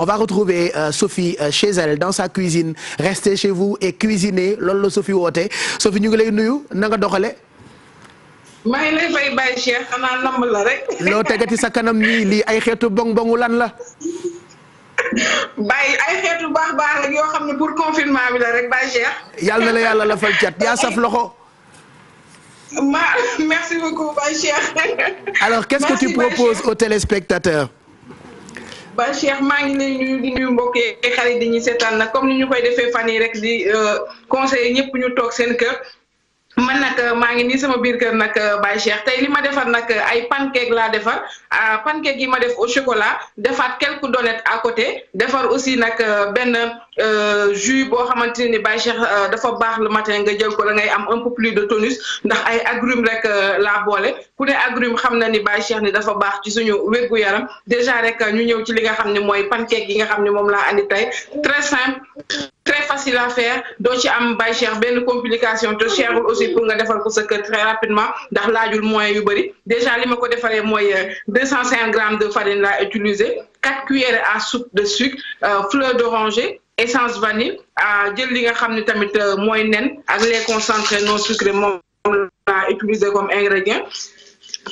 on va retrouver euh, Sophie euh, chez elle dans sa cuisine restez chez vous et cuisinez loolu la Sophie woote Sophie ñu ngi lay nuyu na nga doxale maa lay fay Baye Cheikh xanaa namb la rek. loo tegati sa kanam nii li ay xeetu bong bongu lan la. Baye ay xeetu baax baax rek yoo xam ne pour confinement bi la rek Baye Cheikh. yàlla la yàlla la fal cat yaa saf loxo. ma merci beaucoup Baye Cheikh. alors qu'est-ce que tu proposes aux téléspectateurs. ba Cheikh maa ngi lay nuyu di nuyu mbokk yi xarit di ñu seetaan nag comme ni ñu koy defee fan yi rek di euh, conseiller ñëpp ñu toog seen kër. man nag euh, maa ngi nii sama biir kër nag euh, Baye Cheikh tey li ma defar nag euh, ay pancake laa defar ah, pancake yi ma def au chocolat defaat quelque donuts à côté defar aussi nag benn jus boo xamante ni Baye dafa baax le matin nga jël ko da ngay am un peu plus de tonus ndax ay agrumes rek laa boole ku ne agrume xam na ni Baye Cheikh ni dafa baax ci suñu wérgu yaram déjà rek ñu ñëw ci li nga xam ne mooy pancake yi nga xam ni moom laa andi tey très simple. très facile à faire doo ci am bay cher benn complication te cherul aussi pour nga defal ko sa kër très rapidement ndax laajul moyens yu bëri déjà li ma ko defaree mooy euh, deux cent cinq grammes de farine laa utiliser quatre cuillères à soupe de sucre euh, fleur d'oranger essence vanille a jël li nga xam ne tamit euh, mooy nen ak les concentrés non sucrés moom laa utiliser comme ingrédient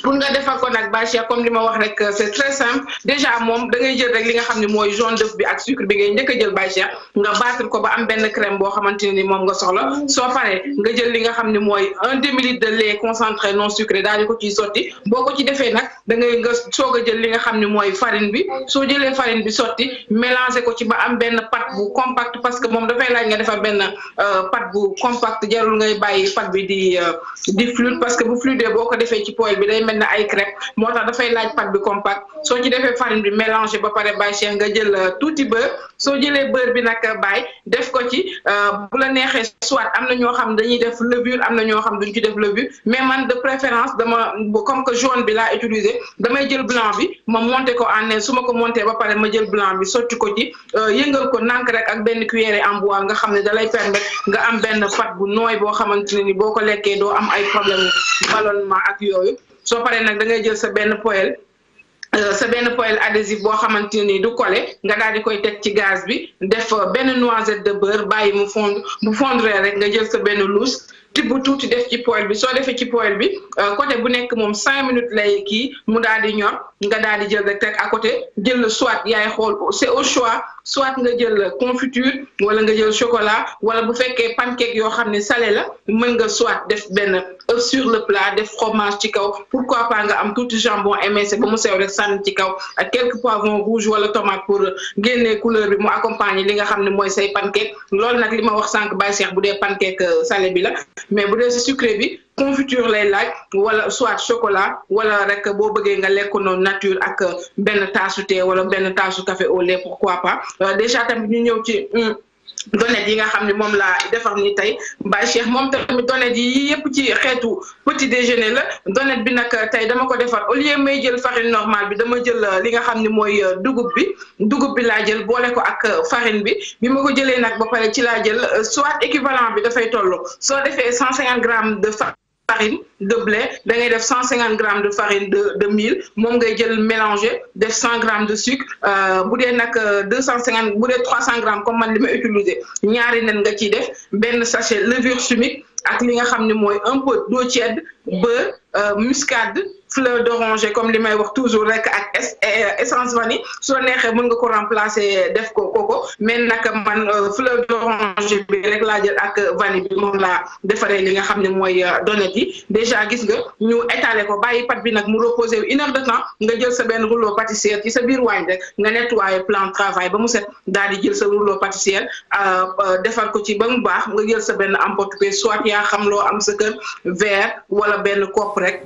pour nga defar ko nag bâche ya comme li ma wax euh, c'est très simple déjà moom da ngay jël rek li nga xam ne mooy jaune d'œuf bi ak sucre bi nga njëkk a jël bâche ya nga battre ko ba am benn crème boo xamante ne ni moom nga soxla soo paree nga jël li nga xam ni mooy un demi litre de lait concentré non sucré daal di ko ciy sotti boo ko ci defee nag da ngay nga soog a jël li nga xam ni mooy farine bi soo jëlee farine bi sotti mélanger ko ci ba am benn pâte bu compact parce que moom dafay laaj nga defar benn euh, pâte bu compact jarul ngay bàyyi bi di euh, di fluide parce que bu fluide day mel ne ay crêpe moo tax dafay laaj pat bi compact soo ci defee farine bi mélanger ba pare bàyyi cheikh nga jël euh, tuuti beurre soo jëlee bër bi nag euh, baay def ko ci euh, bu la neexee soit am na ñoo xam dañuy def levure am na ñoo xam duñ ci def levure mais man de préférence dama comme que jaune bi laa utiliser damay jël blanc bi ma monter ko en aile su ma ko monter ba pare ma jël blanc bi sotti ko ci yëngal ko nànk rek ak benn cuillère en bois nga xam ne dalay permettre nga am benn pâte bu nooy boo xamante ne ni boo ko lekkee doo am ay problème ballonnement ak yooyu soo paree nag da ngay jël sa benn poêle euh, sa benn poyel adhésif boo xamante ni du collé nga daal di koy teg ci gaz bi def euh, benn noisette de beurre bàyyi mu fond bu fondre rek nga jël sa benn luus tibb tuuti def ci poêle bi soo defee ci poêle bi euh, côté bu nekk moom cinq minutes lay kii mu daal di ñor nga daal di jël rek teg à côté jël la soit yaay xool c'est au choix soit nga jël confiture wala nga jël chocolat wala bu fekkee pancake yoo xam ne salé la mën nga soit def benn. œuf sur le plat def fromage ci kaw pourquoi pas nga am tuuti jambon émincé ba mu sew rek sànni ci kaw ak quelques poivrons rouges wala tomate pour euh, génne couleur bi mu accompagner li nga xam ne mooy say pancake loolu nag li ma wax sànq Baye Cheikh bu dee pancake euh, salé bi la mais bu dee sucré bi confiture lay laaj wala soit chocolat wala rek boo bëggee nga lekk noonu nature ak euh, benn taasu thé wala benn taasu café au lait pourquoi pas déjà tamit ñu ñëw ci. Hmm, donet yi nga xam ne moom laa defar ni tey Baye Cheikh moom tamit donet yi yëpp ci xeetu petit déjeuner la donet bi nag tey dama ko defar au lieu may jël farine normale bi dama jël euh, li nga xam ni mooy euh, dugub bi dugub bi laa jël boole ko ak euh, farine bi bi ma ko jëlee nag ba pare ci laa jël soit équivalent bi dafay toll soo defee cent cinquante grammes de farine farine de blé da ngay def cent cinquante grammes de farine de de mil moom ngay jël mélanger def grammes de sucre euh, bu dee nag euh, bu dee trois cent grammes comme man li ma utiliser ñaari nen nga ciy def benn sachet levure chimique ak li nga xam ne mooy un peu d'eau tiède beurre euh, muscade fleur d'oranger comme li may wax toujours rek ak eh, essence vanille soo neexee mën nga ko remplacer def ko koko mais nag man euh, fleur d'oranger bi rek laa jël ak vanille bi moom laa defaree li nga xam ne mooy euh, donnet yi déjà gis nga ñu étaler ko bàyyi pat bi nag mu reposer une de temps nga jël sa benn rouleau pâtissière ci sa biir waañ rek nga nettoyer plan travail ba mu set daal di jël sa rouleau pâtissière euh, defar ko ci ba mu baax nga jël sa benn emporte-pièce soit yaa xam loo am sa kër verre wala benn kopp rek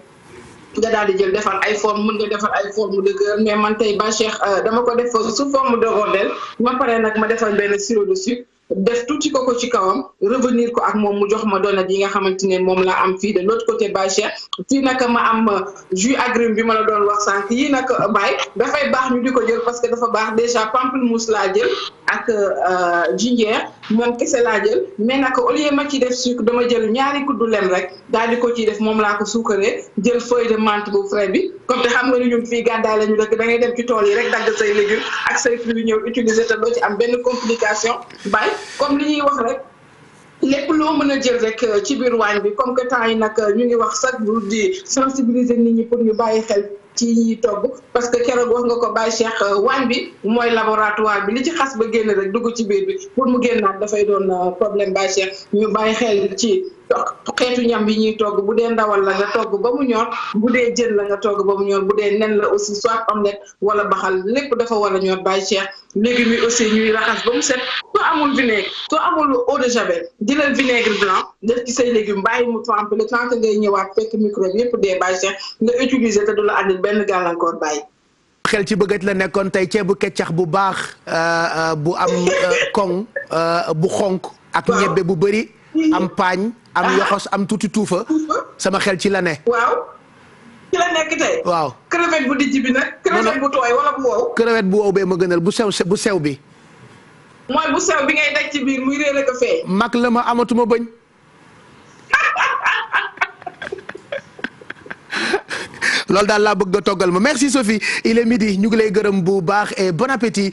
nga daal di jël defar ay forme mën nga defar ay forme de cœur mais man tey ba Cheikh euh, dama ko def sous mu de rondelle ma pare nag ma defar benn sirop de sucre def tuuti ko ko ci kawam revenir ko ak moom mu jox ma donat yi nga xamante ne moom laa am fi de l'autre côté bâche fi naka ma am euh, jus agrume bi ma la doon wax sànq yi nag euh, baay dafay baax ñu di ko jël parce que dafa baax déjà pamplemousse laa jël ak euh, jinjeer moom kese laa jël mais nag au lieu ma ci def sucre dama jël ñaari kuddu leen rek daal di ko ciy def moom laa ko suukaree jël feuille de mant bu frais bi comme te xam nga ni ñun fii gàddaay la ñu dëkk da ngay dem ci tool yi rek dagg say ñëw utiliser te doo ci am benn complication bàyyi comme li ñuy wax rek lépp loo mën a jël rek euh, ci biir waañ bi comme que temps yi nag euh, ñu ngi wax chaque jour di sensibiliser nit ñi pour ñu bàyyi xel ci ñi togg parce que keroog wax nga ko Baye Cheikh euh, waañ bi mooy laboratoire bi li ci xas ba génn rek dugg ci biir bi pour mu génnaat dafay doon problème Baye Cheikh ñu bàyyi xel ci. xeetu ñam yi ñuy togg bu dee ndawal la nga togg ba mu ñor bu dee jën la nga togg ba mu bu dee nen la aussi soit omelette wala baxal lépp dafa war a ñor bàyyi cheikh légumes yi aussi ñuy raxas ba mu set soo amul vinaigre soo amul eau de javel jëlal vinaigre blanc def ci say légumes bàyyi mu trempé le temps que ngay ñëwaat fekk microbe yépp dee bàyyi cheikh nga utiliser te du la andil benn gàllankoor bàyyi xel ci bëggaj la nekkoon tey ceebu keccax bu baax euh, euh, bu am euh, koŋ bu xonk ak ñebbe bu bëri am am yoxos am tuuti tuufa. sama xel ci la ne. waaw ci la nekk tey. waaw crevette bu dijj bi nag. bu tooy wala bu wow. bee ma gënal bu sew bu sew bi. mooy bu sew bi ngay daj ci biir muy réer ak a mag la ma amatuma bëñ. lool daal laa bëgg nga toggal ma merci Sophie il est ñu ngi lay gërëm bu baax et bon